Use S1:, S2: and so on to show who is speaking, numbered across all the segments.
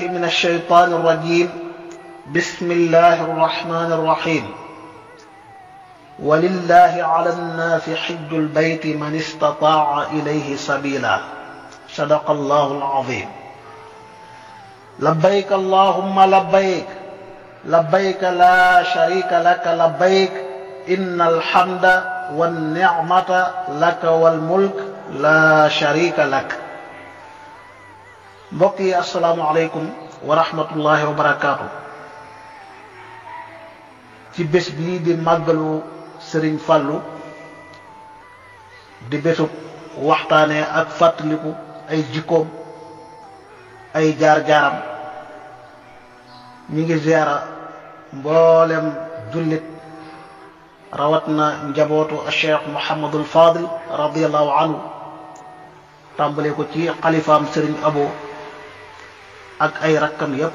S1: بالله من الشيطان الرجيم بسم الله الرحمن الرحيم ولله على الناس حج البيت من استطاع إليه سبيلا صدق الله العظيم لبيك اللهم لبيك لبيك لا شريك لك لبيك إن الحمد والنعمة لك والملك لا شريك لك mbokk yi asalaamaaleykum wa rahmatullahi wa barakaatu ci bés bii di màggalu sëriñ fàllu di bésub waxtaanee ak fàttaliku ay jikkoom ay jaar-jaaram ñi ngi ziara mboolem jullit rawat na njabootu cheikh Mouhamadul Fadil radiyallahu anhu tàmbale ko ci xalifaam sëriñ Abo ak ay rakkam yépp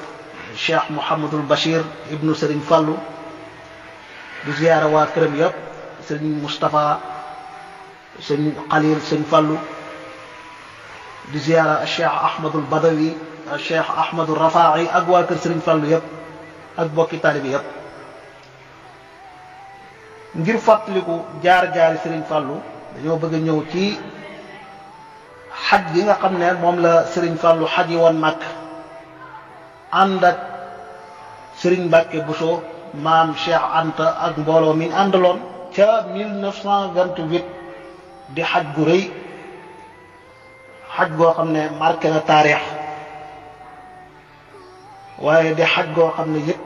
S1: cheikh mouhamadul bachir ibnu sëriñ fàllu di ziyaara waa këram yépp sëriñ moustapha sëriñ xalil sëriñ fàllu di ziyaara cheikh ahmadul badawi cheikh ahmadul rafaa'i ak waa kër sëriñ fàllu yépp ak bokki taalibi yépp ngir fàttaliku jaar-jaari sëriñ fàllu dañoo bëgg a ñëw ci xaj gi nga xam ne moom la sëriñ fàllu xaj yi woon màkk ànd ak Serigne bu Bousso maam Cheikh Anta ak mbooloo mi àndaloon ca 1928 di xaj gu rëy xaj goo xam ne marqué na taarix waaye di xaj goo xam ne yëpp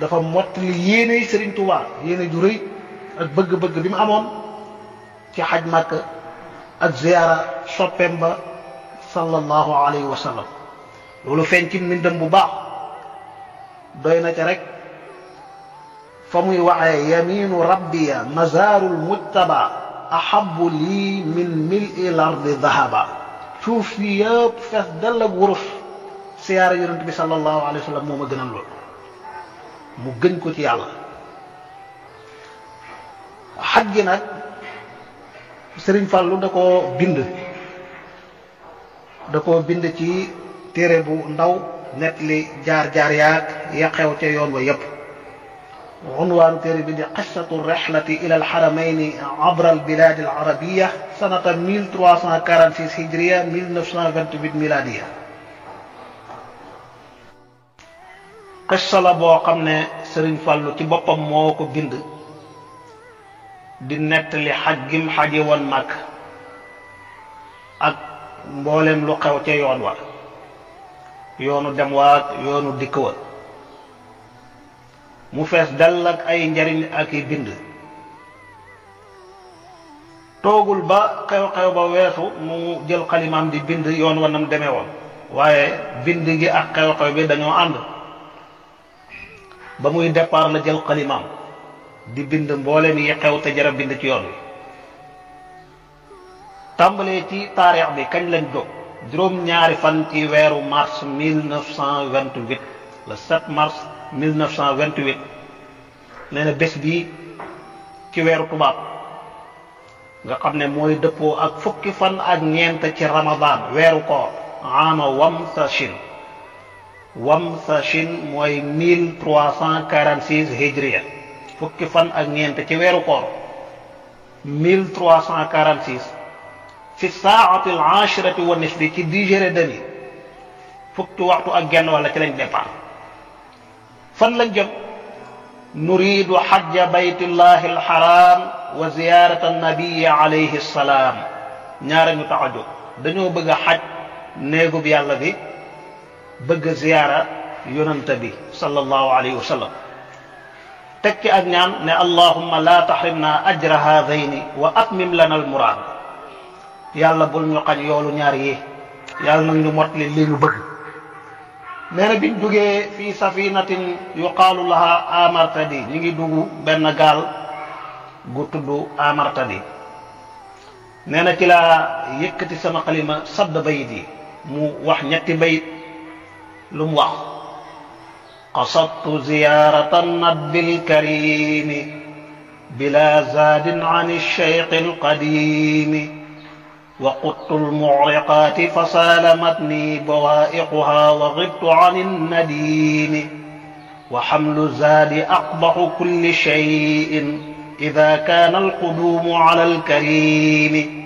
S1: dafa mottali yéene Serigne Touba yéene ju rëy ak bëgg-bëgg bi mu amoon ci xaj màkk ak ziyaara soppeem ba sallallahu alayhi wa loolu feeñ ci mbindam bu baax doy na ca rek fa muy waxee yaminu rabbiya mazaarul mujtaba ahabu lii min mili lardi dahaba suuf yi fees dell ak wuruf siyaara yonent bi sallallahu alayhi wa sallam moo ma gënal lool mu gën ko ci yàlla xaj gi nag sëriñ Fàllu da koo bind da koo bind ci téré bu ndaw netli jaar-jaar yaak ya xew ca yoon wa yépp عنوان تربية قصة الرحلة إلى الحرمين عبر البلاد العربية سنة 1346 هجرية 1928 ميلادية قصة لا قمنا سرين فالو تي بوبام موكو بند دي نتلي حجم حجي والمك اك مولم لقاو خew ci yoonu dem waat yoonu dikk wa mu fees dal ak ay njariñ ak i bind toogul ba xew-xew ba weesu mu jël xalimaam di bind yoon wa nam demee woon waaye bind gi ak xew-xew bi dañoo ànd ba muy départ la jël xalimaam di bind mboolem yi xew te jara bind ci yoon wi tàmbalee ci taarix bi kañ lañ jóg juróom-ñaari fan ci weeru mars 1928 le 7 mars 1928 nee na bés bi ci weeru tubaab nga xam ne mooy dëppoo ak fukki fan ak ñeent ci ramadan weeru koor ama wam sa chin wam sa chin mooy 1346 hijriya fukki fan ak ñeent ci weeru koor 1346 في الساعة العاشرة والنصف تي ديجر دني فكت وقت اجن ولا تلين ديبار فان نريد حج بيت الله الحرام وزيارة النبي عليه السلام نيار نيو تاجو بقى حج نيغو بيا الله بي بغا زيارة يونت بي صلى الله عليه وسلم تكي اجنان ن اللهم لا تحرمنا اجر هذين واتمم لنا المراد yàlla bul ñu xañ yoolu ñaar yi yàlla nag ñu mot li li ñu bëgg nee na biñ duggee fii safinatin yuqaalu laha amartadi ñi ngi dugg benn gaal gu tudd amartadi nee na ci laa yëkkati sama xalima sadd bayit yi mu wax ñetti bayit lu mu wax قصدت زيارة النبي الكريم بلا زاد عن الشيخ القديم وقدت المعرقات فسالمتني بوائقها وغبت عن النديم وحمل الزاد أقبح كل شيء إذا كان القدوم على الكريم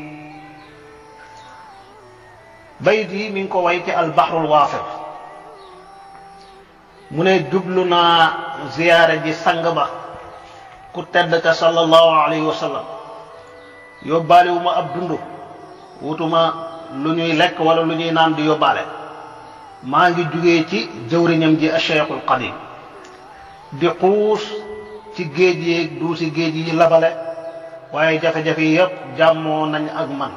S1: بيدي من كويت البحر الوافر من دبلنا زيارة سنغبا كتبت صلى الله عليه وسلم يبالي وما أبدنه wutuma lu ñuy lekk wala lu ñuy naan di yóbbaale maa ngi jugee ci jëwriñam ji Cheikhul Qadim di xuus ci géej du duusi géej yi labale waaye jafe-jafe yépp jàmmoo nañ ak man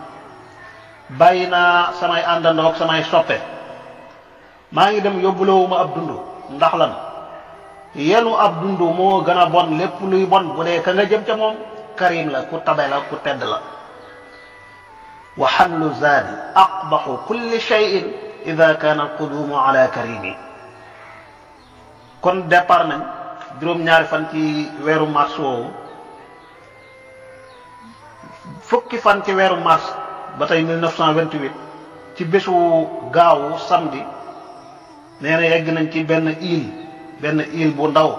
S1: bàyyi naa samay àndandoo ak samay soppe maa ngi dem yóbbuloowuma ab dund ndax lan yenu ab dund moo gën a bon lépp luy bon bu dee ka nga jëm ca moom karim la ku tabe la ku tedd la wa xallu zaadi aqbaxu kulli cheyin ida kaana alquduumu ala karimi kon départ nañ juróom-ñaari fan ci weeru mars woowu fukki fan ci weeru mars ba tey 1928 ci bésu gaawu samedi nee yegg nañ ci benn île benn île bu ndaw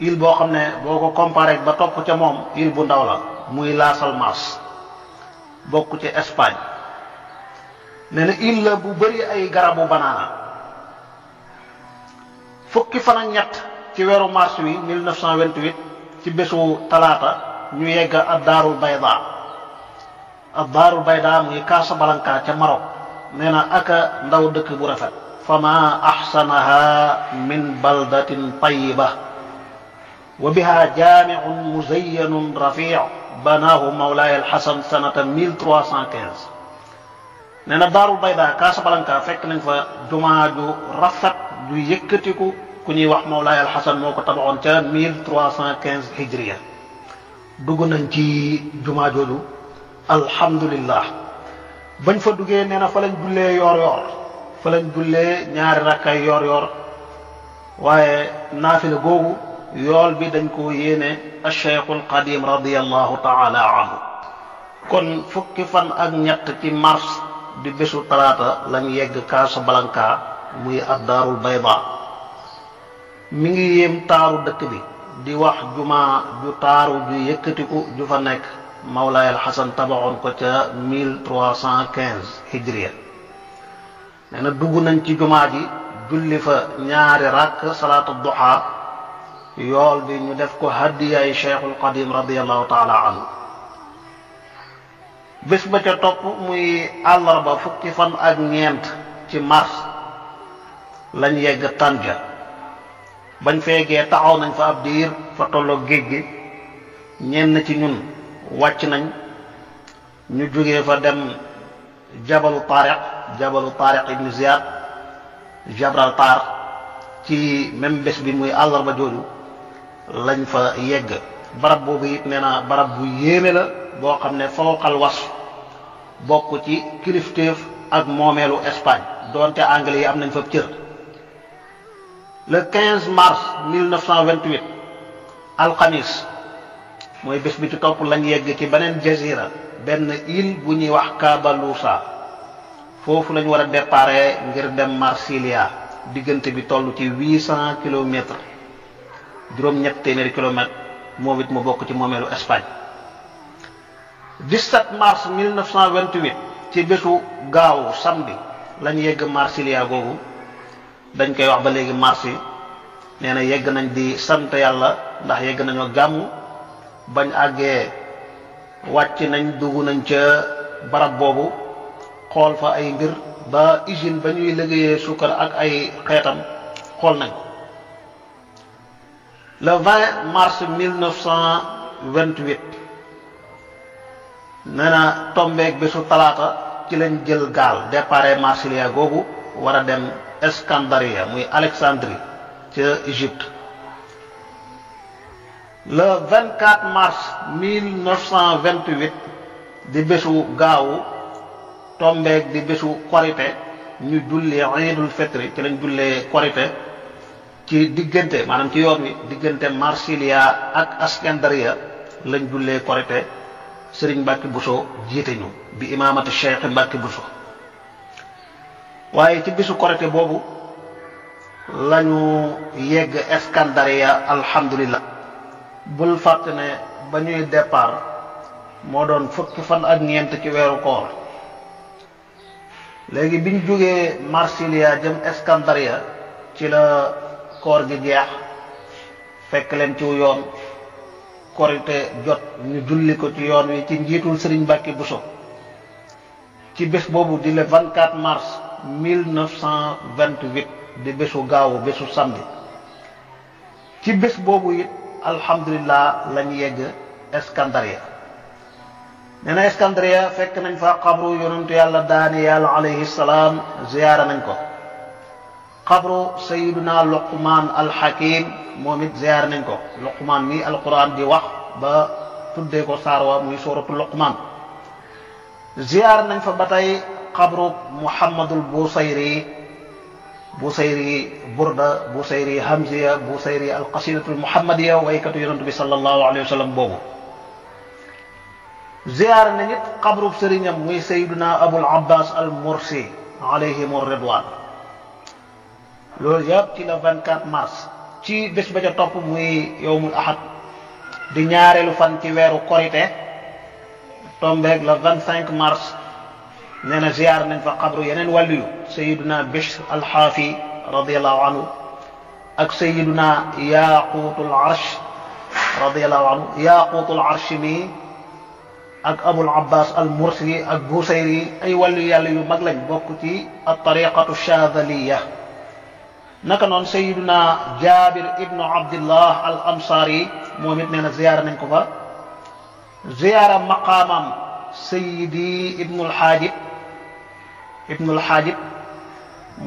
S1: île boo xam ne boo ko comparé ba topp ca moom île bu ndaw la muy La Salmas bokk ci espagne nee na île la bu bëri ay garabu banaana fukki fan ak ñett ci weeru mars wi 1928 ci bésu talaata ñu yegg ab daarul bayda ab daarul bayda muy Casablanca ca Maroc nee na aka ndaw dëkk bu rafet فما أحسنها من بلدة طيبة وبها جامع مزين رفيع banaahu mawlaaya alxasan sanata 1315 nee na daarul bayda Casablanca fekk nañ fa jumaa ju rafet ju yëkkatiku ku ñuy wax mawlaaya alxasan moo ko tabaxoon ca 1315 hijriya dugg nañ ci jumaa jooju alhamdulillah bañ fa duggee nee na fa lañ jullee yoor yoor fa jullee ñaari rakkay yoor yoor waaye naafila googu yool bi dañ ko yéene acheikhul qadim radiallahu taala anhu kon fukki fan ak ñett ci mars di bésu talaata lañ yegg Casablanca muy addaarul bayda mu ngi yéem taaru dëkk bi di wax juma ju taaru ju yëkkatiku ju fa nekk Mawlaay Alxasan tabaxoon ko ca mille trois hijriya nee na dugg nañ ci jumaa ji julli fa ñaari ràkk salaatu duha yool bi ñu def ko hadiyaay cheikhul qadim radiallahu taala anhu bés ba ca topp muy àllarba fukki fan ak ñeent ci mars lañ yegg Tanja bañ feegee taxaw nañ fa ab diir fa tolloo géej gi ñenn ci ñun wàcc nañ ñu jógee fa dem jabalu taariq jabalu taariq ibnu Ziyad ci même bés bi muy àllarba jooju lañ fa yegg barab boobu it nee naa barab bu yéeme la boo xam ne fawqal was bokk ci kilifteef ak moomeelu Espagne doonte anglais yi am nañ fa cër le 15 mars 1928 alxamis mooy bés bi ci topp lañ yegg ci beneen jazira benn île bu ñuy wax Kabalousa foofu lañ war a déparé ngir dem Marsilia diggante bi toll ci 800 juróom ñett téeméeri kilomètre moom it mu bokk ci moomeelu espagne 17 mars 1928 ci bésu gaaw samedi lañ yegg marsilia googu dañ koy wax ba léegi marsi nee na yegg nañ di sant yàlla ndax yegg nañoo gàmm bañ àggee wàcc nañ dugg nañ ca barab boobu xool fa ay mbir ba usine ba ñuy liggéeyee suukar ak ay xeetam xool nañ ko le 20 mars 1928 nee na tombeeg bésu talaata ci lañ jël gaal départ Marsilia googu war a dem Escandaria muy Alexandrie ca Égypte le 24 mars 1928 di bésu gaawu tombeeg di bésu korite ñu jullee iidul fitri ci lañ jullee korite ci diggante maanaam ci yoon wi diggante Marsilia ak Askandariya lañ jullee korite sëriñ Mbacke buso jiite ñu bi imaamatu Cheikh Mbacke Bousso waaye ci bisu korite boobu lañu yegg Askandariya alhamdulilah. bul fàtte ne ba ñuy départ moo doon fukki fan ak ñeent ci weeru koor léegi biñ jógee Marsilia jëm Askandariya ci la. koor gi jeex fekk leen ci yoon korite jot ñu julli ko ci yoon wi ci njiitul Serigne Mbacke Bousso ci bés boobu di le 24 mars 1928 di bésu gaawu bésu samedi ci bés boobu it alhamdulilah lañ yegg Escandariya nee na Escandariya fekk nañ fa xabru yonentu yàlla daani yàlla alayhi salaam ziyaara nañ ko xabru sayiduna luqman alxakim moom it ziar nañ ko luqman mi alquran di wax ba tuddee ko saarwa muy suratu luqman ziar nañ fa ba tey xabru muhammadul busayri busayri burda busayri hamziya busayri alqasidatul muhammadiya waykatu yonent bi sallallahu alayhi wa sallam boobu ziar nañ it xabrub sëriñam muy sayiduna abul abbas al mursi alayhimu ridwan loolu yëpp ci la 24 mars ci bés ba ca topp muy yowmul ahad di ñaareelu fan ci weeru korite tombeeg le 25 mars nee na ziar nañ fa xabru yeneen wàlliyu sayiduna bishr alxaafi radiallahu anhu ak sayiduna yaquutul arsh radiallahu anhu yaquutul arsh mi ak abul abbas al mursi ak busayri ay wàlliyu yàlla yu mag lañ bokk ci at tariqatu shadaliya naka noonu sayiduna jabir ibnu abdillah al ansari moom it nee na ziyaara nañ ko fa ziyaara maqaamam sayidi ibnu alxaajib ibnu alxaajib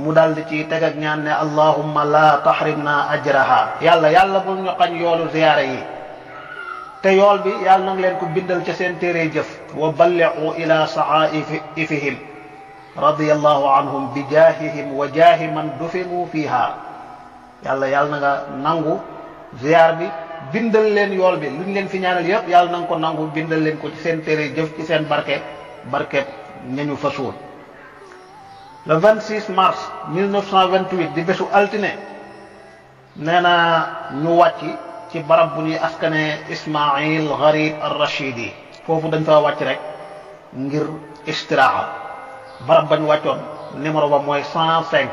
S1: mu dal di ci teg ak ñaan ne allahumma la tahrimna ajraha yàlla yàlla bu ñu xañ yoolu ziyaara yi te yool bi yàlla na nga leen ko bindal ca seen téere jëf wa balliqu ila sahaifihim radiyallahu anhum bi jaahihim wa jaahi man dufinu fiha yàlla yàlla na nga nangu ziar bi bindal leen yool bi lu ñu leen fi ñaanal yëpp yàlla na nga ko nangu bindal leen ko ci seen téere jëf ci seen barke barke ñañu fa suul le 26 mars 1928 di bésu altine nee na ñu wàcc ci barab bu ñuy askane Ismail Gharib ar-Rashidi foofu dañ fa wàcc rek ngir istiraaxa barab ba wàccoon numéro ba mooy 105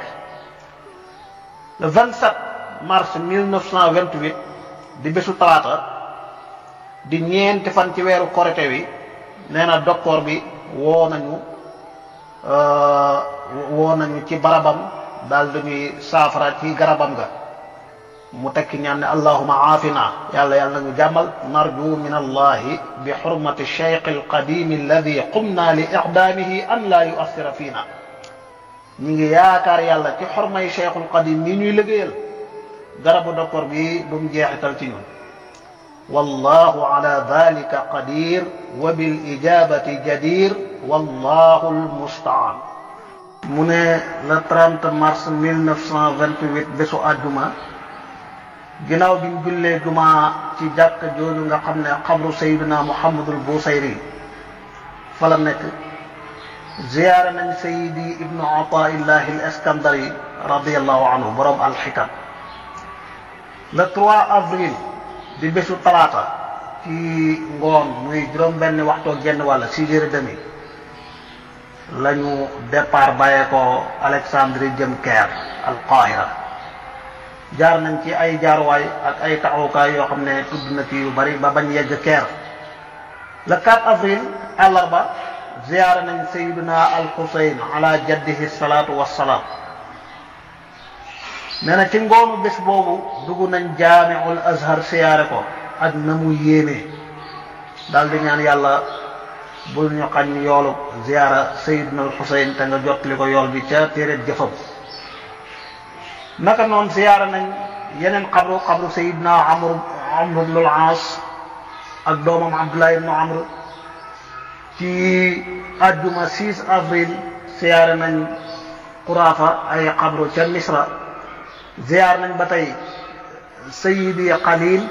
S1: le 27 mars 1928 di bésu talaata di ñeenti fan ci weeru korité wi nee na docteur bi woo nañu euh, woo nañu ci barabam daal dañuy saafara ci garabam ga mu tekki ñaan ne allahuma aafina yàlla yàlla nga jàmmal narju min allahi bi xurmati cheikh alqadimi alladi qumna li ixdaamihi an laa yuassira fiina ñi ngi yaakaar yàlla ci xormay cheikhul qadim yi ñuy liggéeyal garabu docteur bi bu mu jeexital ci ñun wallahu ala dalika qadir wa bil ijabati jadir wallahu almustaan mu ne le 30 mars 1928 bésu àjjuma ginnaaw bi ñu jullee jumaa ci jàkk jooju nga xam ne xabru sayidina muhammadul busayri fa la nekk ziyaara nañ sayidi ibnu ataillahi al iskandari radiallahu anhu borom alxikam le 3 avril di bésu talaata ci ngoon muy juróom benn waxtoo genn wàll si jëre demi lañu départ bàyyeekoo alexandrie jëm Caire al qahira jaar nañ ci ay jaaruwaay ak ay taxawukaay yoo xam ne tudd na ci yu bari ba bañ yegg keer le 4 avril àllarba ziyaara nañ sayyiduna al xusayn ala jaddihi salaatu wassalaam nee na ci ngoonu bés boobu dugg nañ jaamiul azhar siyaare ko ak na mu yéeme daal ñaan yàlla bul ñu xañ yoolu ziyaara sayyiduna al xusayn te nga jottali ko yool bi ca téere jëfam naka non ziyara nañ yenen qabru qabru sayyidna amr amr ibn al as ak domam abdullah ibn amr ci aduma 6 avril ziyara nañ qurafa ay qabru ca misra ziyara nañ ba tey qalil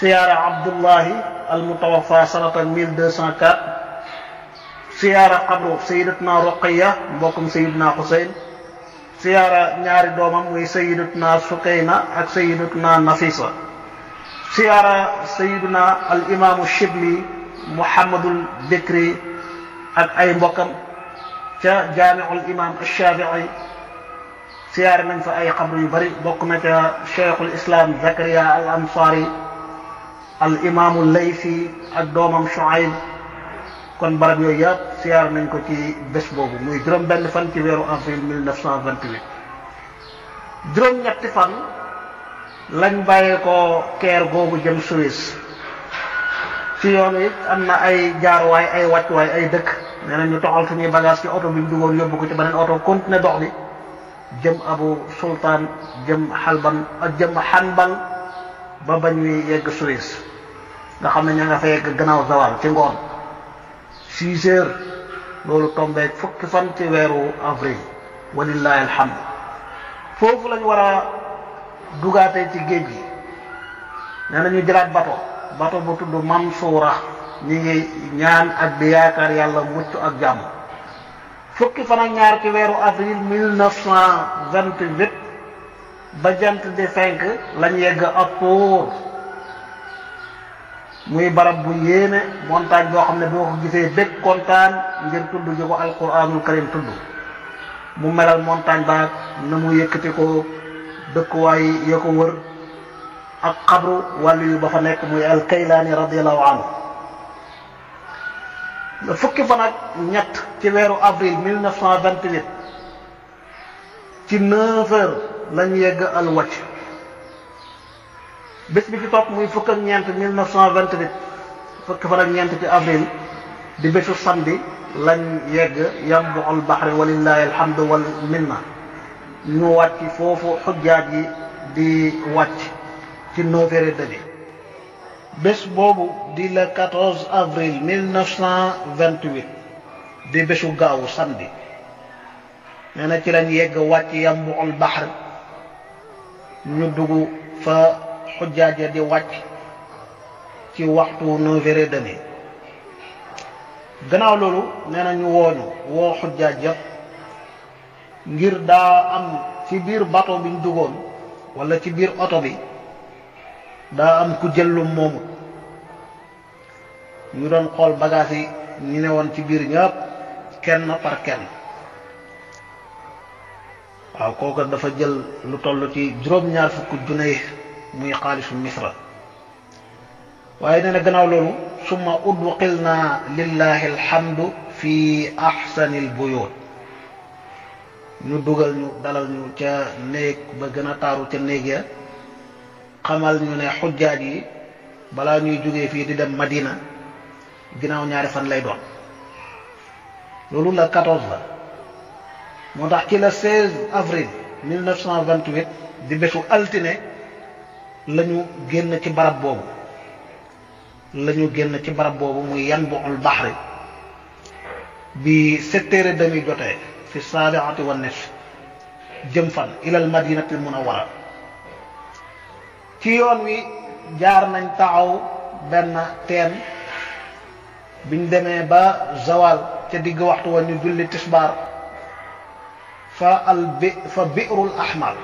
S1: ziyara abdullah al mutawaffa sanata 1204 ziyara qabru sayyidatna ruqiya mbokum sayyidna husayn سيارة نياري دومم وي سيدتنا سقينة اك سيدتنا نفيسة سيارة سيدنا الإمام الشبلي محمد البكري اك اي مبكم تا جامع الإمام الشافعي سيارة من فأي قبر يبري بكم شيخ الإسلام زكريا الأنصاري الإمام الليفي الدومم شعيب kon barab yooyu yàpp siyaar nañ ko ci bés boobu muy juróom benn fan ci weeru avril 1928 juróom ñetti fan lañ bàyyee ko keer googu jëm Suisse si yoon it am na ay jaaruwaay ay wàccuwaay ay dëkk nee na ñu toxal suñuy bagage ci oto bi mu duggoon yóbbu ko ci beneen oto continué dox bi jëm Abu Sultan jëm xalban jëm xanbal ba bañ ñuy yegg Suisse nga xam ne ña nga fa yegg gannaaw zawal ci ngoon six heures loolu tombeeg fukki fan ci weeru avril walillahi alhamd foofu lañ war a dugaatee ci géej gi nee na ñu jëlaat bato bato bu tudd Mansuura ñi ngi ñaan ak di yaakaar yàlla mucc ak jàmm fukki fan ak ñaar ci weeru avril ba jant di fenk lañ yegg ak tóor muy barab bu yéeme montagne boo xam ne boo ko gisee bëgg kontaan ngir tudd ji ko alquranul karim tudd mu melal montagne baag na mu yëkkati ko dëkkuwaay ya ak xabru wàllu yu ba fa nekk muy alkaylaani radiallahu anhu le fukki fan ak ñett ci weeru avril 1928 ci 9 heures yegg al wàcc bis bi ci top muy fuk ak ñent 1928 fuk fa ak ñent ci avril di bésu samedi lañ yegg yambu al bahri walillahi alhamdu wal minna ñu wàcc fofu xujjaaj yi di wàcc ci Nouvelle Delhi bés bobu di le 14 avril 1928 di bésu gaawu samedi nee ci lañ yegg wàcc yambu al bahr ñu duggu fa hujjaje di wacc ci waxtu 9 h demé gënaaw lolu néna ñu woñu wo hujjaje ya ngir da am ci biir bato biñ dugoon wala ci biir auto bi da am ku jëllu mom ñu doon xol bagage yi ñi néwon ci biir kenn par kenn waaw ko dafa jël lu toll ci juróom ñaar fukk junne muy xaalisu misra waaye nee na gënaaw loolu summa udqil naa lillahi alhamdu fi ahsanil buyut ñu dugal ñu dalal ñu ca néeg ba gën a taaru ca néeg ya xamal ñu ne xujjaaj yi balaa ñuy jógee fii di dem Madina ginnaaw ñaari fan lay doon loolu la 14 la moo tax ci la 16 avril 1928 di bésu altine lañu génn ci barab boobu lañu génn ci barab boobu muy yanbuul baxri bi setteere demi jotee fi saabiati wa nisf jëm fan ilal madinati munawara ci yoon wi jaar nañ taxaw benn teen biñ demee ba zawal ca digg waxtu wa ñu julli tisbaar fa al bi fa bi'rul ahmar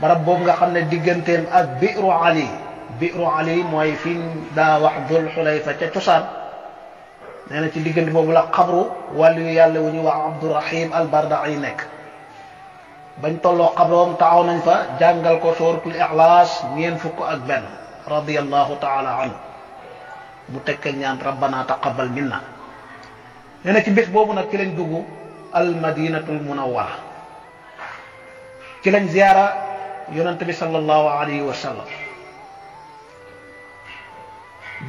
S1: barab boobu nga xamne digeentem ak biiru ali biiru ali moy fin da wax dul xulayfa ca cosaan neena ci digeent boobu la xabru walu yàlla wuñu wa abdurrahim abdourahim albarda bañ tolo xabroom taaw nañ fa jàngal ko sóoratul ikhlas ñeen fuk ak ben radiyallahu taala an mu tekke ñaan rabbana taqabal minna neena ci bés bobu nak ci lañ dugg almadinatul munawara ci lañ ziyara yonent bi sallallahu alayhi wa sallam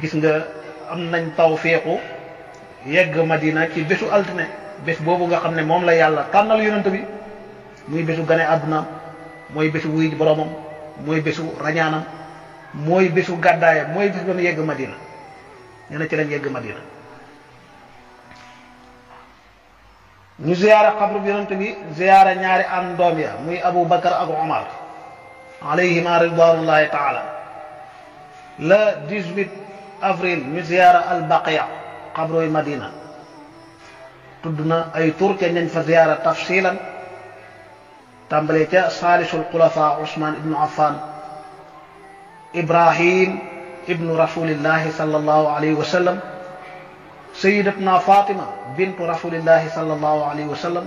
S1: gis nga am nañ tawféexu yegg Madina ci bésu altine bés boobu nga xam ne moom la yàlla tànnal yonent bi muy bésu gane àdduna mooy bésu wuy boromam mooy bésu rañaanam mooy bésu gàddaayam mooy bés ba mu yegg Madina nee ci lañ yegg Madina ñu ziyaara xabru bi yonent bi ziyaara ñaari am doom ya muy Abu Bakar ak Omar عليهما رضوان الله تعالى لا 18 افريل مزيارة البقيع قبر المدينة تدنا اي تركيا نين فزيارة تفصيلا تمبليتا صالح القلفاء عثمان بن عفان ابراهيم ابن رسول الله صلى الله عليه وسلم سيدتنا فاطمة بنت رسول الله صلى الله عليه وسلم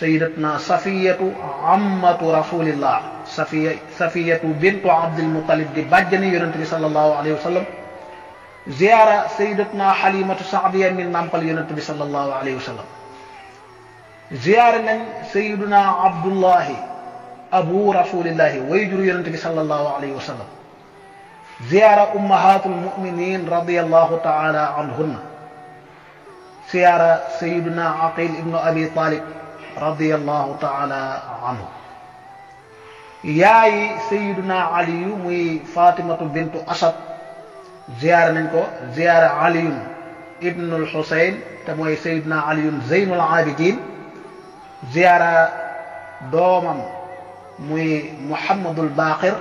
S1: سيدتنا صفية عمة رسول الله safiya safiyatu bintu abdul muttalib di bàjjani yonent sallallahu alayhi wasallam sallam ziyaara sayidatuna xalimatu saadiya mi nàmpal yonent sallallahu alayhi wasallam sallam ziyaara nañ sayiduna abdullahi abu rasulillahi way juru sallallahu alayhi wasallam sallam ziyaara ummahatul muminin radiallahu taala anhunna ziyaara sayiduna aqil ibn abi talib radiallahu taala anhu yaay sayiduna aliyu muy fatimatu bintu asad ziyaara nañ ko ziyaara aliyun ibnul xusayn te mooy sayiduna aliyun zeynul abidin ziyaara doomam muy muhammadul baqir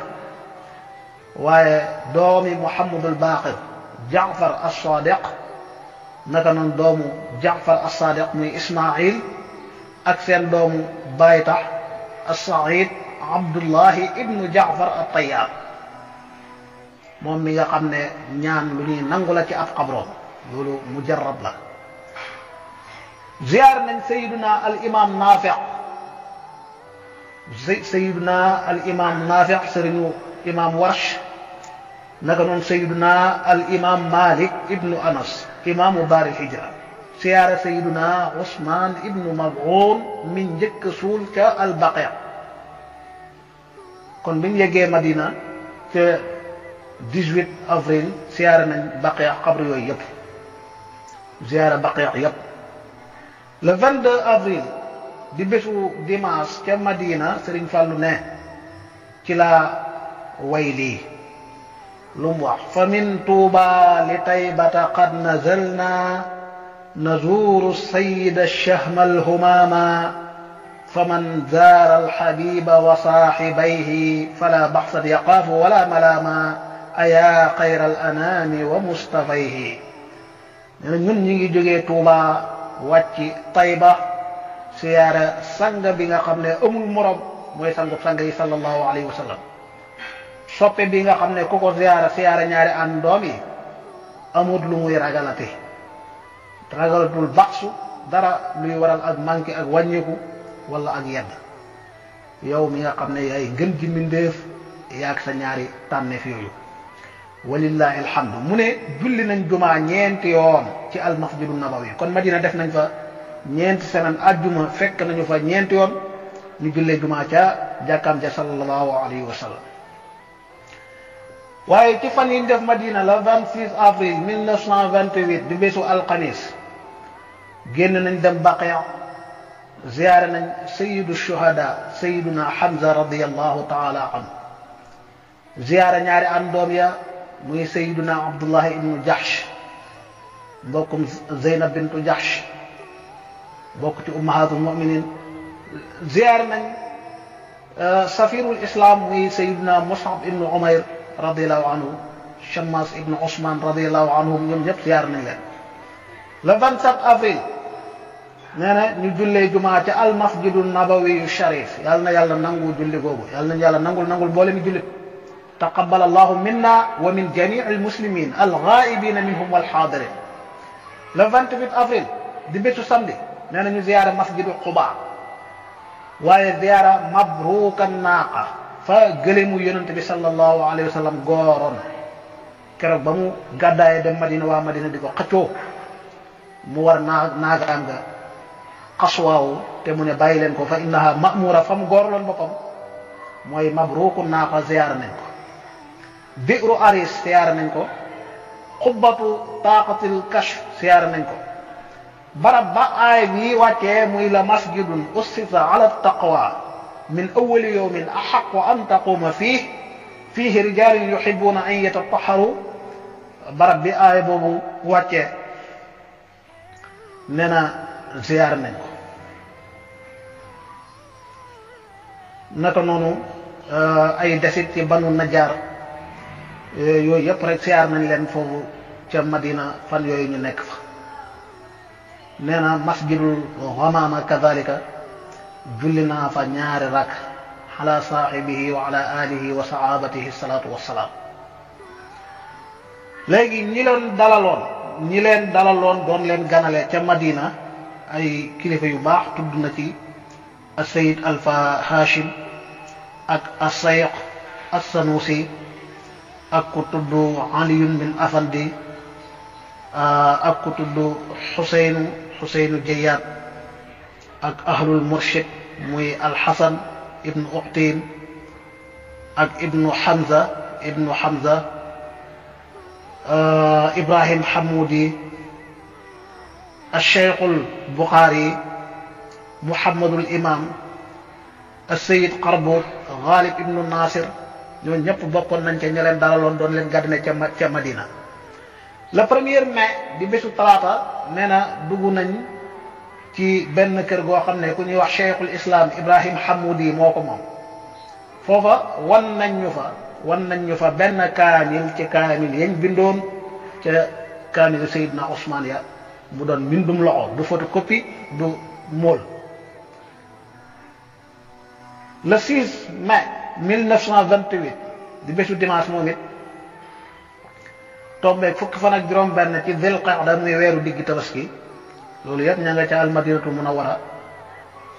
S1: waaye doomi muhammadul baqir jaafar assadiq naka noonu doomu jaafar assadiq muy ismail ak seen doomu baytax assaid عبد الله ابن جعفر الطيار موم ميغا خامني نيان لوني نانغولا تي اف قبرو لولو مجرب لا زيار من سيدنا الامام نافع سيدنا الامام نافع سرينو امام ورش نكنون سيدنا الامام مالك ابن انس امام دار الهجره سيارة سيدنا عثمان ابن مظعون من جك سول كالبقيع kon bi ñu yeggee Madina ca 18 avril siyaara nañ baqeex xabru yooyu yëpp siyaara baqeex yëpp le 22 avril di bésu dimanche ca Madina Serigne fallu ne ci la way lii lu mu wax fa min touba li taybata qad nazalna nazuuru sayida chahma alhumaama فمن زار الحبيب وصاحبيه فلا بحث يقاف ولا ملاما أيا خير الأنام ومصطفيه ñun ñi ngi jógee Touba wàcc Tayba siyaara sang bi nga xam ne amul morom mooy sangu sang yi sallallahu alayhi wa sallam soppe bi nga xam ne ku ko siyaara siyaara ñaari an doom yi lu muy ragalate ragalatul baxsu dara luy waral ak manqué ak wàññeeku wala ak yedd yow mi nga xam ne yaay gën ji mbindeef yaag sa ñaari tànneef yooyu walillahi alhamdu mu ne julli nañ jumaa ñeenti yoon ci almasjidu nabawi kon madina def nañ fa ñeenti semaine àjjuma fekk nañu fa ñeenti yoon ñu jullee jumaa ca jàkkaam ja sallallahu alayhi wa sallam waaye ci fan yi def madina la 26 avril 1928 di bésu alxamis génn nañ dem baqia زيارنا سيد الشهداء سيدنا حمزة رضي الله تعالى عنه زيارة نياري أندوميا مي سيدنا عبد الله بن جحش بوكم زينب بنت جحش بوكتي أمهات المؤمنين زيارة آه، سفير الإسلام مي سيدنا مصعب بن عمير رضي الله عنه شماس بن عثمان رضي الله عنهم يوم زيارة نيلا لفان سات أفريل نانا ني جولي المسجد النبوي الشريف يالنا يالنا نانغو جولي غوغو يالنا يالا نانغول نانغول بولمي جولي تقبل الله منا ومن جميع المسلمين الغائبين منهم والحاضرين لا 28 افريل دي سامدي نانا ني مسجد قباء واي زياره مبروك الناقه فغليمو يونتبي صلى الله عليه وسلم غورون كرو بامو غداي دم مدينه وا مدينه ديكو خاتو مو ورنا ناغا xaswaawu te mu ne bàyyi leen ko fa innaha mamura fa mu goorloon boppam mooy mabruku naaqa ziyaar nañ ko biru aris ziyaar nañ ko xubbatu taaqatil kashf ziyaar nañ ko barab ba aay bii wàccee muy la masjidun ussita ala taqwa min awali yowmin axaqu an taquma fii fiihi rijaalun yuxibuuna an yatataxaru barab bi aay boobu wàccee nee na ziyaar nañ ko naka noonu ay desit ci banu najaar yooyu yëpp rek siyaar nañ leen foofu ca madina fan yooyu ñu nekk fa nee na masjidul xamaama kadalika julli naa fa ñaari rakk ala saaxibihi wa ala alihi wa sahabatihi salaatu wasalaam léegi ñi leen dalaloon ñi leen dalaloon doon leen ganale ca madina ay kilifa yu baax tudd na ci السيد الفا هاشم ak asayq assanusi ak ku tudd aliyun bin afandi ak ku tudd xuseynu xuseynu jayaat ak ahlul murshid muy alxasan ibnu uqtin ak ibnu hamza ibnu hamza ibrahim hamudi الشيخ البخاري محمد الإمام assayid qarbuut ghalib ibnu nasir ñoo ñëpp bokkoon nañ ca ñu leen dalaloon doon leen gàddine ca ca madina le premier mai di bésu talaata nee na dugg nañ ci benn kër goo xam ne ku ñuy wax cheikhul islam ibrahim hamoudi moo ko moom foofa wan nañ fa wan nañ ñu fa benn kaamil ci kaamil yañ bindoon ca kaamilu sayidna Ousmane ya mu doon mbindum loxo du photocopie du mool le 6 mai 1928 di bésu dimanche moom it tombeeg fukki fan ak juróom-benn ci Dul Qaada muy weeru digg tabaski loolu yëpp ña nga ca al Madinatu Munawwara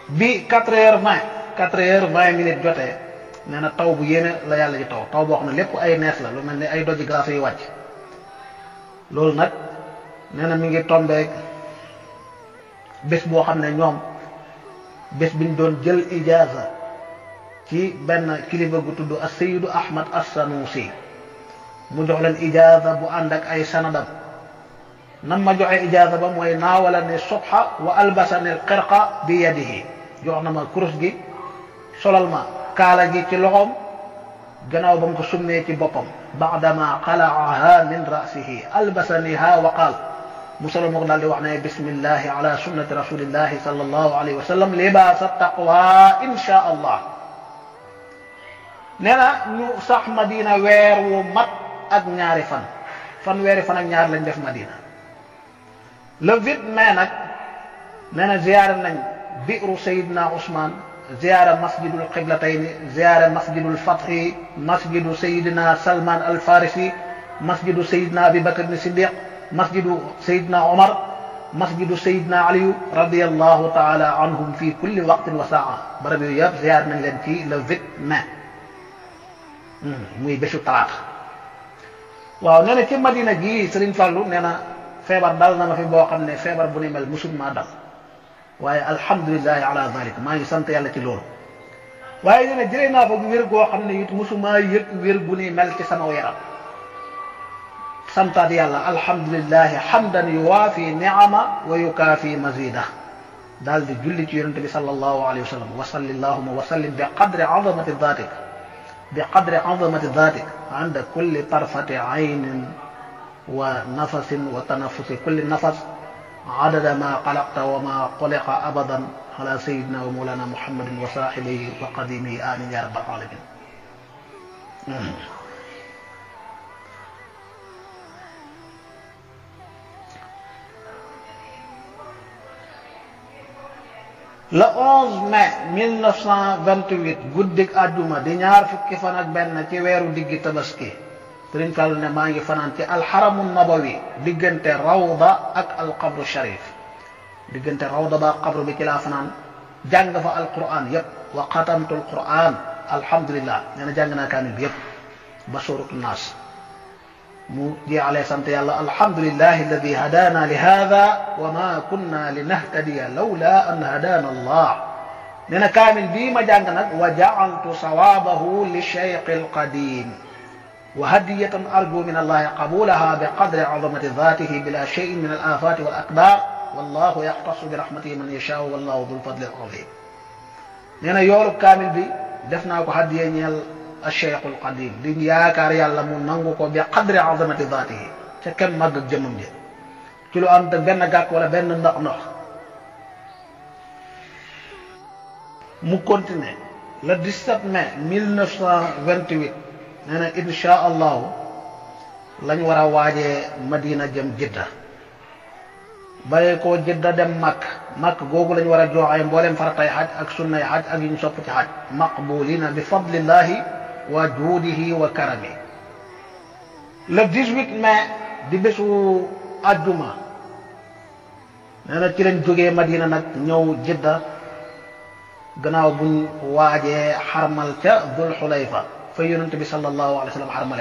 S1: bi 4 heures 20 4 heures 20 minutes jotee nee na taw bu yéene la yàlla ji taw taw boo xam ne lépp ay nees la lu mel ni ay doji glace yu wàcc loolu nag nee mi ngi tombeeg bés boo xam ne ñoom bés bi ñu doon jël ijaaza. ci benn kilifa gu tudd as-sayyidu ahmad as-sanusi mu jox leen ijaaza bu ànd ak ay sanadam nan ma joxe ijaaza ba mooy naawala ni subha wa albasani alqirqa bi yadihi jox na ma kurus gi solal ma kaala gi ci loxoom gannaaw ba mu ko summee ci boppam baadama qalaaha min rasihi albasaniha wa qaal mu solal ma ko daal di wax ne bismillahi ala sunnati rasulillahi sallallahu alayhi wa sallam libaasa taqwa insha allah nee ñu sax madina wër wu mat ak ñaari fan fan wër fan ak ñaar lañ def madina le vit mai nak nee ziyara nañ biru sayidna usman ziyara masjidul qiblatayn ziyara masjidul fatxi masjidu sayidna salman al farisi masjidu sayidna abi bakr ibn siddiq masjidu sayidna umar masjidu sayidna ali radiyallahu taala anhum fi kulli waqtin wa saa barabi yab ziyara nañ len ci le vit mai muy bésu talaata waaw nee na ci madina gii Serigne fallu nee na feebar dal na ma fi boo xam ne feebar bu ne mel musul maa dal waaye alhamdulilahi ala zalik maa ngi sant yàlla ci loolu waaye nee na jëlee naa fa wér goo xam ne it musumaa yëg wér bu ne mel ci sama yaram santaat yàlla alhamdulilahi hamdan yuwaafi niama wa yukaafi mazida daal di julli ci yonente bi sallallahu alayhi wa sallam wa sallallahu wa sallim bi qadri azamati dhatik بقدر عظمة ذاتك عند كل طرفة عين ونفس وتنفس كل نفس عدد ما قلقت وما قلق أبدا على سيدنا ومولانا محمد وصاحبه وقديمه آمين يا رب العالمين. le 11 mai 1928 guddig àdduma di ñaar fukki fan ak benn ci weeru diggi tabaski sëriñ Fall ne maa ngi fanaan ci alxaramu nabawi diggante rawda ak alqabru sharif diggante rawda ba qabru bi ci laa fanaan jàng fa alquran yépp wa xatamtu alquran alhamdulillah nee na jàng naa kaamil bi yépp ba suuratu naas دي عليه سنت يلا الحمد لله الذي هدانا لهذا وما كنا لنهتدي لولا أن هدانا الله نحن كامل بي مجانا وجعلت صوابه للشيخ القديم وهدية أرجو من الله قبولها بقدر عظمة ذاته بلا شيء من الآفات والأكبار والله يختص برحمته من يشاء والله ذو الفضل العظيم نحن يولو كامل بي دفناك هدية acheikhul qadim di yaakaar yàlla mu nangu ko bi qadri azamati zaatihi ca kem màgg ak jëmmam ji ci lu am te benn gàkk wala benn ndox ndox mu continuer le 17 mai 1928 nee na insha allahu lañ war a waajee madina jëm jidda bare koo jidda dem màkk màkk googu lañ war a jooxay mbooleem faratay xaj ak sunnay xaj ak yuñ sopp ci xaj maqbulina bi fadlillahi وجوده وكرمه لا ديجويت ما ديبسو ادوما انا تيرن جوغي مدينه نك نيو جده غناو بن واجه حرمل تا ذو الحليفه فيونت بي صلى الله عليه وسلم حرمل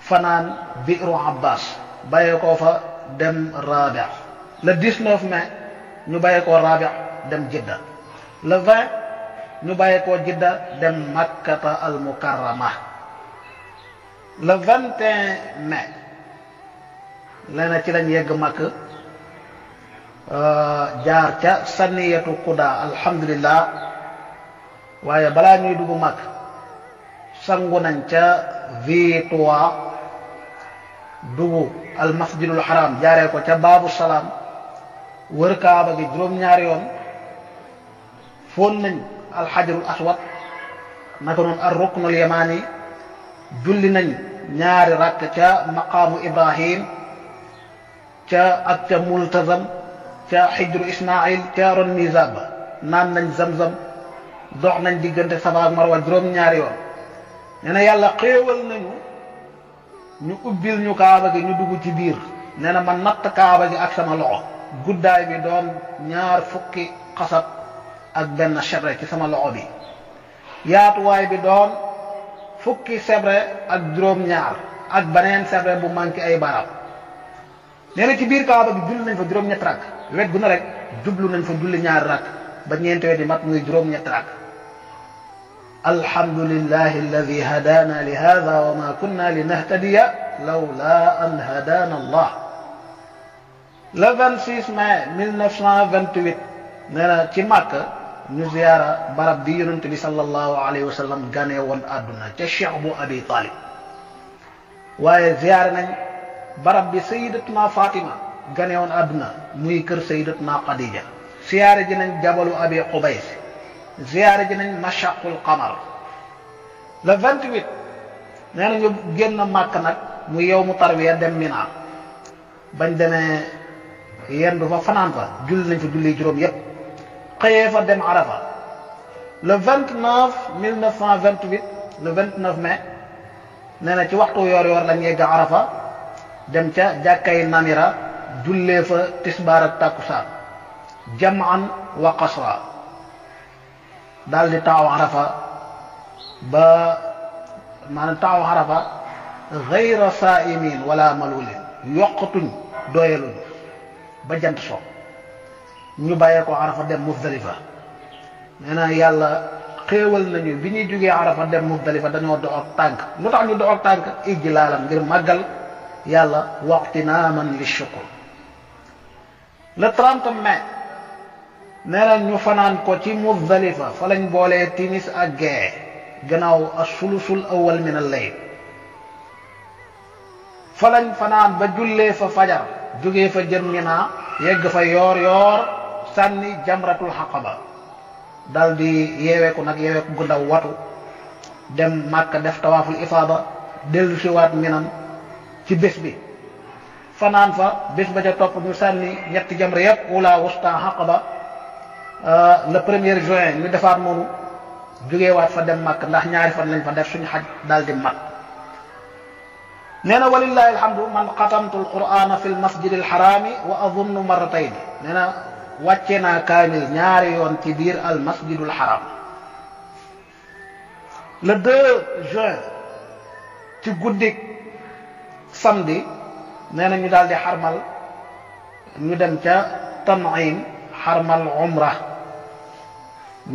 S1: فنان بئر عباس بايكو فا دم رابع لا 19 ما ني بايكو رابع دم جده لا 20 ñu bàyyi ko jidda dem makkata al mukarrama le 21 mai lena ci lañ yegg makk euh, jaar ca saniyatu kuda alhamdulillah waaye balaa ñuy dugg makk sangu nañ ca v3 dugu al masjidul haram jaaree ko ca babu salaam wër kaaba gi juróom ñaari yoon fóon nañ الحجر الاسود نكون الركن اليماني جل نن نار رك تا مقام ابراهيم تا اكتا ملتزم تا حجر اسماعيل تا رنزاب نان نن زمزم دوخ نن ديغنت سبا مروه جروم نياري يون نانا يالا خيوال نانو ñu ubbil ñu kaaba gi ñu dugg ci biir nee na ma natt kaaba gi ak sama loxo guddaay bi doon ñaar fukki xasab ak benn chebre ci sama loxo bi yaatuwaay bi doon fukki sebre ak juróom ñaar ak beneen sebre bu manqué ay baraw nee na ci biir kaaba bi julli nañ fa juróom ñett rak wet gu na rek jublu nañ fa julli ñaar rak ba ñeenti wet yi mat muy juróom ñett rak الحمد لله الذي هدانا لهذا وما كنا لنهتدي لولا أن هدانا الله le 26 ماي 1928 nee تي ci ñu ziyaara barab bi yonent bi sallallahu alayhi wa sallam ganee woon àdduna ca cheikh bu abi talib waaye ziyaara nañ barab bi sayidatuna fatima ganee woon àdduna muy kër sayidatuna khadija ziyaara ji nañ jabalu abi qubays ziyaara ji nañ mashaqul qamar le nee na ñu génn màkk nag mu yow mu tarwiya dem mina bañ demee yendu fa fanaan fa julli nañ fa julli juróom yépp xëyee fa dem Arafa le 29 1928 le 29 mai nee na ci waxtu yor-yor lañ yegg Arafa dem ca jàkkay Namira jullee fa tisbaar ak takkusaan jamaan wa qasra daal di taaw Arafa ba maanaam taaw Arafa xayra saaimin wala malulin yoqatuñ doyaluñ ba jant so ñu bàyyee ko arafa dem muzdalifa nee na yàlla xéewal nañu bi ñuy jógee arafa dem muzdalifa dañoo do ak tànk lu tax ñu do ak tànk ijji laalam ngir màggal yàlla waqtinaaman li shukur le 30 mai nee na ñu fanaan ko ci muzdalifa fa lañ boolee timis ak gee gannaaw asulusul awal min al layl fa lañ fanaan ba jullee fa fajar jógee fa jëm ñi naa yegg fa yoor yoor sànni jamratul haqaba daldi yewé ko nak yewé ko ndaw watu dem màkka def tawaful ifada delu ci wat minam ci bés bi fanan fa bés ba ja top ñu sànni ñetti jamr yeb wula wusta xaqaba le premier juin ñu defaat jugé wat fa dem makka ndax ñaari fan lañ fa def suñu xaj daldi di mat nee na walillahi alhamdu man xatamtu alqurana fi almasjid alxarami wa azunnu wàcce naa kaamil ñaari yoon ci biir al masjidul haram le 2 juin ci guddik samedi nee na ñu daal di xarmal ñu dem ca Tan'im xarmal umra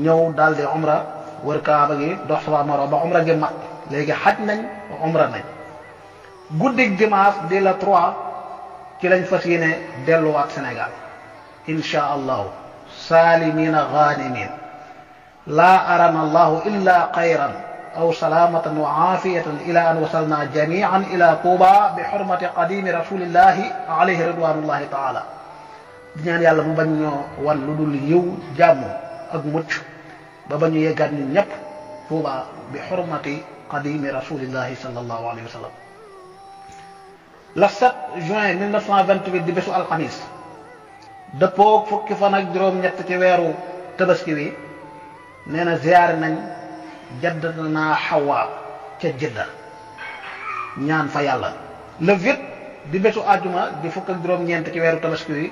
S1: ñëw daldi di umra wër kaaba gi dox safa maro ba umra gi mat léegi xaj nañ umra nañ guddik dimanche di la 3 ci lañ fas yéene delluwaat Sénégal إن شاء الله سالمين غانمين لا أرنا الله إلا خيرا أو سلامة وعافية إلى أن وصلنا جميعا إلى طوبى بحرمة قديم رسول الله عليه رضوان الله تعالى di ñaan yàlla mu bañ ñoo wan lu dul yiw jàmm ak mucc ba ba ñu yeggaat ñun ñëpp tuuba bi xurmati qadimi rasulillahi sallallahu alayhi wa sallam la 7 juin 1928 di bésu alxamis dëppoog fukki fan ak juróom-ñett ci weeru tabaski wi nee na ziyaar nañ jaddatanaa Hawa ca Jidda ñaan fa yàlla le huit di bésu àjjuma di fukk ak juróom-ñeent ci weeru tabaski wi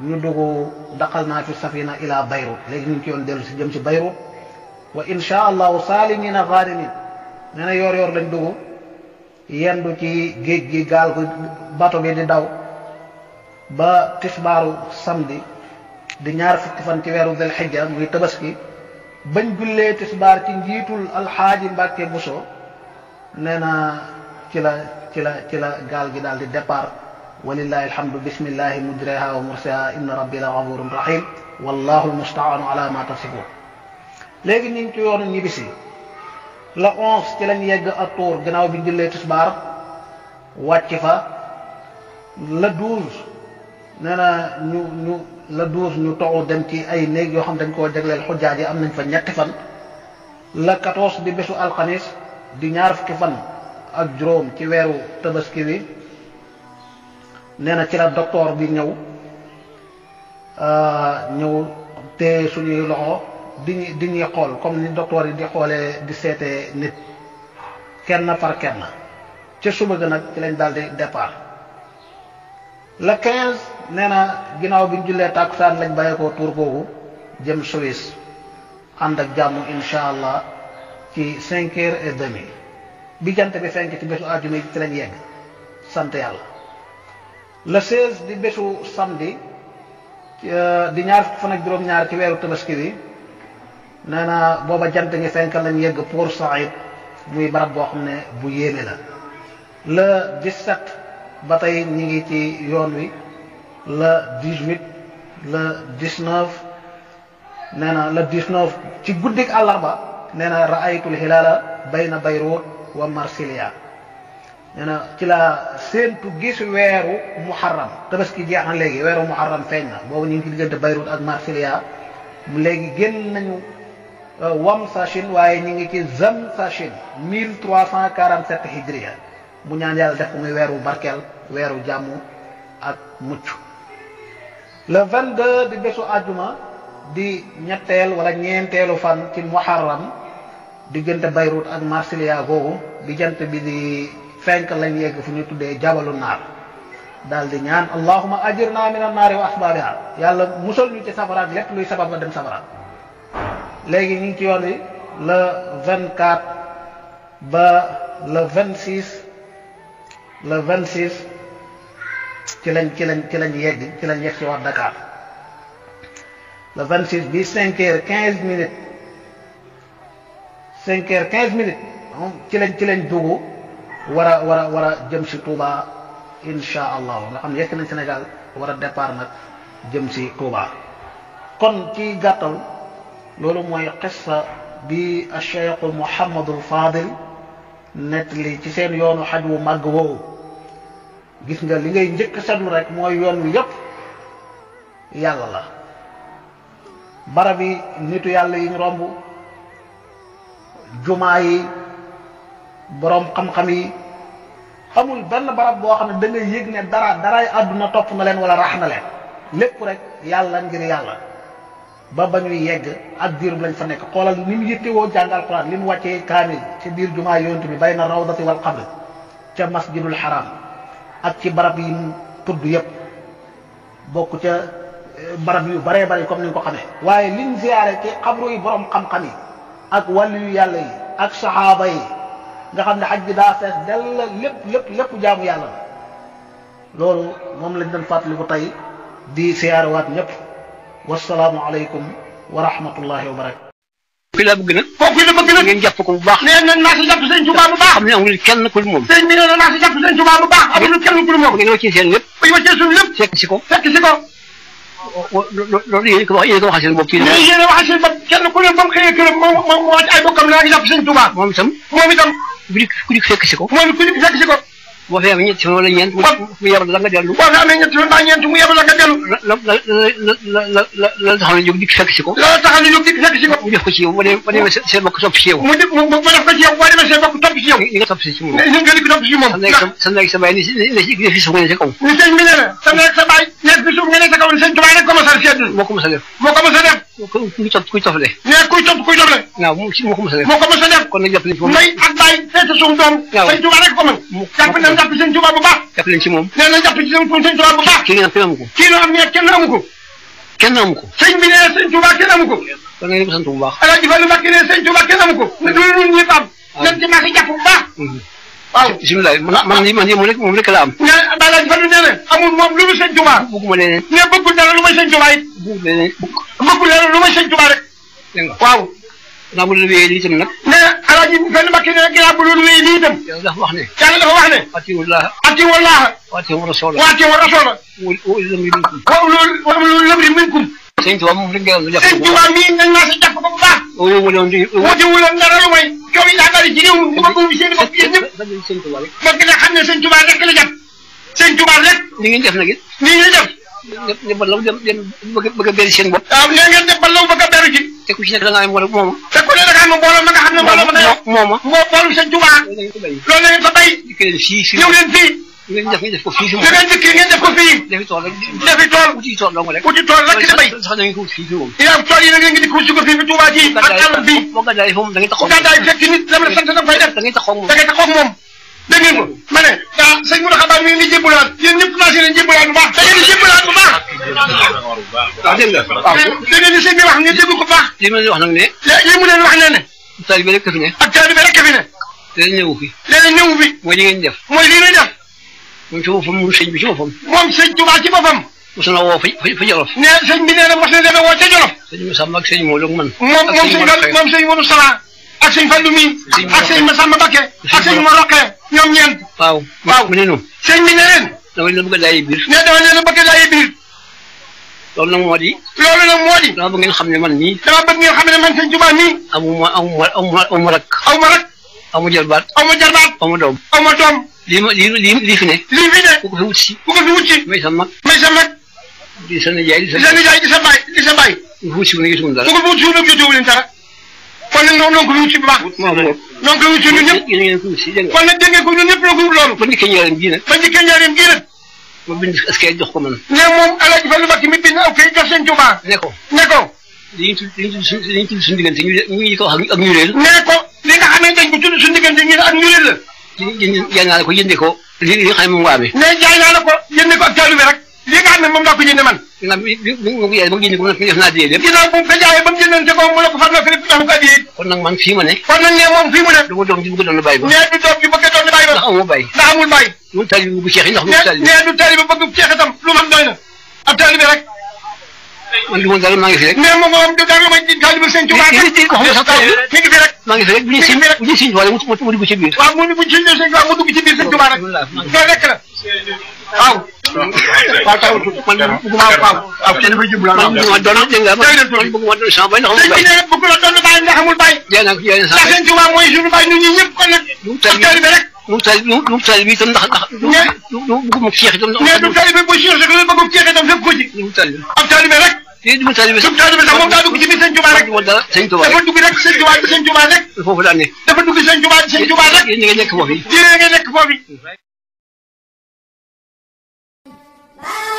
S1: ñu dugg daqal naa fi safina ila Bayrut léegi ñu ngi ci yoon dellu si jëm si Bayrut wa insha allahu saalimina gaanimin nee na yoor yoor lañ dugg yendu ci géej gi gaal ko bato bi di daw ba tisbaaru samedi di ñaar fukk fan ci weeru del xijja muy tabaski bañ jullee tisbaar ci njiitul alxaaji mbàkke buso nee na ci la ci la ci la gaal gi daal di départ walillahi alhamdu bismillahi mujreha wa mursiha inna rabbi la gafurun rahim wallahu almustaanu ala ma tasifun léegi ñu ngi ci yoonu ñibbisi la 11 ci lañ yegg a tour gannaaw bi jullee tisbaar wàcc fa la 12 nee na ñu ñu la douze ñu toxu dem ci ay néeg yoo xam dañ koo jagleel xujjaaj yi am nañ fa ñetti fan la quatorze di bésu alxamis di ñaar fukki fan ak juróom ci weeru tabaski wi nee na ci la docteur bi ñëw ñëw te suñuy loxo di di ñuy xool comme ni docteur yi di xoolee di seetee nit kenn par kenn ca suba ga nag ci lañ daal di départ le quinze nee na ginnaaw bi ñu jullee tàkkusaan lañ bàyyeekoo tuur kooku jëm Suisse ànd ak jàmm incha allah ci cinq demi bi jant bi fenk ci bésu àjjuma yi ci lañ yegg sant yàlla le 16 di bésu samedi euh, di ñaar fan juróom-ñaar ci weeru tabaski bi nee booba jant ngi fenk lañ yegg pour Saïd muy barab boo xam ne bu yéeme la le ba tey ñu ngi ci yoon wi. la 18 la na la 19 ci guddik àllarba nee na raaytul hilaala bayna Bayruut wa Marsilia nee na ci la séentu gis weeru muharram tabaski jeex na léegi weeru muharram feeñ na boobu ñu ngi diggante Bayruut ak Marsilia mu léegi génn nañu euh, wam sachin waaye ñu ngi ci zam sachin 1347 hijriya mu ñaan yàlla def ko muy weeru barkeel weeru jàmm ak mucc le 22 di bésu àjjuma di ñetteel wala ñeenteelu fan ci muharram diggante Bayruut ak Marsilia googu bi jant bi di fenk lañ yegg fu ñu tuddee jabalu naar daal di ñaan allahuma ajirna mina naari wa asbaabiha yàlla musal ñu ci safaraat lépp luy sabab nga dem safaraat léegi ñu ngi ci yoon la vingt 24 ba le 26 le 26 ci lañ ci lañ ci lañ yegg ci lañ yegg ci wax Dakar le 26 bi 5 heures 15 minutes 5 heures 15 minutes ci lañ ci lañ dugg war a war a war a jëm si Touba insha allah nga xam ne yegg nañ Sénégal war a départ nag jëm si Touba kon ci gàttal loolu mooy qissa bi Cheikh Mouhamadul Fadil nett li ci seen yoonu xaj wu màgg woowu gis nga li ngay njëkk seetlu rek mooy yoon wi yépp yàlla la barab yi nitu yàlla yi romb jumaa yi boroom xam-xam yi amul benn barab boo xam ne da ngay yëg ne dara daraay àdduna topp na leen wala rax na leen lépp rek yàlla ngir yàlla ba ba ñuy yegg ak diirub lañu fa nekk xoolal ni mu yittewoo jàng alquran li mu wàccee kaamil ci biir jumaa yonent bi bay na rawdati wal qabr ca masjidul haram ak ci barab yi mu tudd yépp bokk ca eh, barab yu baree bari comme ni nga ko xamee waaye liñ ziyaare ci xabru yi borom xam-xam yi ak wàllu yàlla yi ak saxaaba yi nga xam ne xaj bi daa fees dell lépp lépp lépp jaamu yàlla la loolu moom lañ doon fàttaliku tey di ziyaarewaat ñëpp wasalaamu aleykum wa rahmatullahi wa barakatu
S2: kooku la bëgg nag. kooku la bëgg nag ngeen jàpp ko bu baax. nee na naa si jàpp sëñ Tuubaa bu baax. xam
S1: ne amul kenn
S2: ku dul moom. sëñ bi nee na naa si jàpp sëñ Tuubaa bu baax. amul kenn ku dul moom. ngeen wàccee seen lépp. ngeen wàccee suñu lépp. fekk si ko fekk si ko. loolu yéen a ko wax yéen a ko waxal seen bopp. kii nag yéen a waxal seen bopp kenn ku ne ba mu xëyee këram moom moom ay bokkam naa ngi jàpp sëñ Tuubaa. moom itam moom itam. ku dikk ku dikk fekk si ko. moom ku dikk fekk si ko. boo fi amee ñetti fan wala ñeent. mu yebal la nga dellu. boo fi amee ñetti fan wala ñeent mu yebal la nga dellu. la la la la la la taxaw na jóg dikk fekk si ko. la taxaw na jóg dikk fekk si ko. mu def ko ci yow ba dee ba demee seen bokk topp ci yow. mu def mu def ko ci yow boo demee seen bokk topp ci yow. ñu ngi topp si ci moom. ñu ngi topp si moom. sa nekk sa baay ni si ni fi suuf nga ne sa kaw. ni sëñ bi nee na sa nekk sa baay nekk fi suuf nga ne sa kaw ni sëñ tubaab rek ko mos a seetlu. moo ko mos a def. moo ko mos a def. kuy topp kuy toppale. mais kuy topp kuy toppale. waaw moo ko mos a def. moo ko mos a def. kon nag jàpp nañ ko. ndey ak baay feete suñu doom. waaw sëñ tubaab rek ko mën. jàpp nañ jàpp ci sëñ Tuubaa bu baax. jàpp leen ci moom. nee na jàpp ci sëñ Tuubaa bu baax. kii ngeen am kenn amu ko. kii ngeen am ñeent kenn amu ko. kenn amu ko. sëñ bi nee sëñ Tuubaa kenn amu ko. da ngay sant bu baax. El Hadj Fallou Mbacké nee sëñ Tuubaa kenn amu ko. ne mm-hmm. du ñun ñëpp am. nañ ci maa ngi jàpp bu baax. Mm-hmm. waaw bisimilah man man man moom rek moom rek la am. mais Balaye Fadu nee na amul moom lu muy sëñ Tuubaa. bëgguma leneen. mais bëggul dara lu may sëñ Tuubaa it. bëggul leneen. bëggul leneen lu may sëñ Tuubaa rek. waaw ginaaw bu dul wéyee lii itam nag. nee na alaaji benn mbàkk yi ne ginaaw bu dul wéyee lii itam. yàlla dafa wax ne. yàlla dafa wax ne. atiwu laaha. atiwu laaha. wa atiwu rasoola. wa atiwu rasoola. wa ulil amri minkum. wa ulil amri minkum. sëñ Tuubaa moom liggéeyam la jàpp. sëñ Tuubaa mii nañ naa si jàpp ko bu baax. wóote wuloon di wóote wuloon dara lu may. coow yi daa bari ci réew mi. ba boobu seen bopp yéen ñëpp. fekk na xam ne sëñ Tuubaa rek la jàpp. sëñ Tuubaa rek. ni ngeen def nag it. ni ngeen def. ne balaw dem dem bëgg a bëri seen bopp. waaw nee ngeen ne balaw bëgg a bëri ji. te ku ci nekk da ngaa am wala mooma. te ku ne da ngaa am mbooloo ma nga xam ne mbooloo ma nga yor. mooma moo boolu seen Tuubaa. loolu la ngeen fa béy. dikk leen fii si ñëw leen fii. ngeen def ngeen def ko fii si moom. ngeen dikk ngeen def ko fii. defi tool rek defi tool. uti tool dong rek. uti tool rek di béy. sax da ngeen ko wut fii si moom. yow tool yi nag ngeen di ko wut ko fii fi Tuubaa ji. ak àll bi boo gàddaay foofu da ngay taxaw. gàddaay fekk nit lam la sant da nga fay def. da ngay taxaw moom da ngay taxaw moom. dégg ngeen ko ma ne daa sëñ Mouna xabaar mi ngi jébbalaat yéen ñëpp naa si ne jébbalaat bu baax da ngeen di jébbalaat bu baax. waaw ah, dégg nga waaw ah, dégg ngeen ni sëñ bi wax ngeen dégg ko bu baax. lii ma leen wax nag ne. lii mu leen wax ne ne. taalibe rek fi ne. ak taalibe rek fi ne. léeg-léeg ñëwu fi. léeg-léeg ñëwu fi. mooy li ngeen def. mooy li ngeen def. moom ci boppam moom sëñ bi ci boppam. moom sëñ Tuubaa ci boppam. mos na woo fa fa Jolof. nee sëñ bi nee na mos na demee woo ca Jolof. sëñ Moussa ak sëñ Modou ak man. moom moom sëñ moom sëñ Modou Sala ak sëñ Fallou mi ak sëñ Massamba Mbakke ak sëñ ma roqee ñoom ñeent waaw waaw mu ne ñu sëñ bi ne leen dama la bëgg laay biir ne dama leen bëgg laay biir loolu nag moo di loolu nag moo di dama bëgg ngeen xam ne man mii dama bëgg ngeen xam ne man ma amu ma ma amu ma rak aw ma rak aw ma jarbaat aw ma jarbaat aw doom aw ma doom lii ma lii lii lii fi ne lii fi ne ku ko fi wut si ku ko fi wut si sa mag may sa mag di sa sa nijaay di sa baay ku ko wu ne gisuma wu ne gisuma kon nag noonu ko wut si bu baax. noonu ko wut si ñun ñëpp. yéen a ngi ko wut si dégg nga. kon nag dégg nga ko ñun ñëpp ñoo ko wut loolu. ba njëkkee njaareem gii nag. ba njëkkee njaareem gii nag. ma bind est-ce que jox ko man. ne moom El Hadj Fallou Mbacké mi bind ok jox seen Tuubaa. ne ko ne ko. li ñu tudd li ñu tudd suñu diggante ñu ñu ko wax ak ñu réer. ne ko li nga xam ne dañ ko tudd suñu diggante ñu ak ñu réer la. jaay naa la ko yënde ko li li xam ne moom waa bi. ne jaay naa la ko yënde ko ak taalibe rek li nga xam ne moom laa ko yënde man nga yaay ba génne ko def naa di lépp ginnaaw mu fa mu jëndoon ca kaw mu ne ko far na fi def ko addi kon nag man fii ma ne kon nag ne moom fii mu ne du ma doom ji bëgg doon bàyyi ba nee du doom ji bëgg doon bàyyi ba ndax amul nee du taalibe bëgg ceex itam lu man doy na ab taalibe rek man du ma dara maa ngi fi rek. mais moom moom du dara ma ci taalibu sëñ Tuubaa. li li wax nga sax taw mi ngi fi rek. maa ngi fi rek bu ñu si bu ñu si wala mu dugg ci biir. waaw mu bu ñu si ñëw sëñ Tuubaa mu dugg ci biir sëñ Tuubaa rek. loolu rek la waaw. waaw taw man bëgguma waaw waaw kenn du jublu man bëgguma doon dégg nga man man bëgguma doon sama bay ndax amul bay. sëñ bi ne bëgg la doon bàyyi ndax amul bay. jaay naa jaay naa sëñ Tuubaa mooy suñu bay ñun ñii ñëpp kon nag. ak taalibe rek. mu tali mu tali bi itam ndax ndax. mais du du bëgguma ceex itam. mais du tali bi bu ceex rek la bëggum ceex itam fépp ko ci. mu tali ab taalibe rek. léegi dugub taalibe sax moom daa dugg ci biir sëñ Tuubaa rek dafa dugg rek sëñ Tuubaa sëñ Tuubaa rek foofu la nekk dafa dugg sëñ Tuubaa sëñ Tuubaa rek yéen a nekk foofu yéen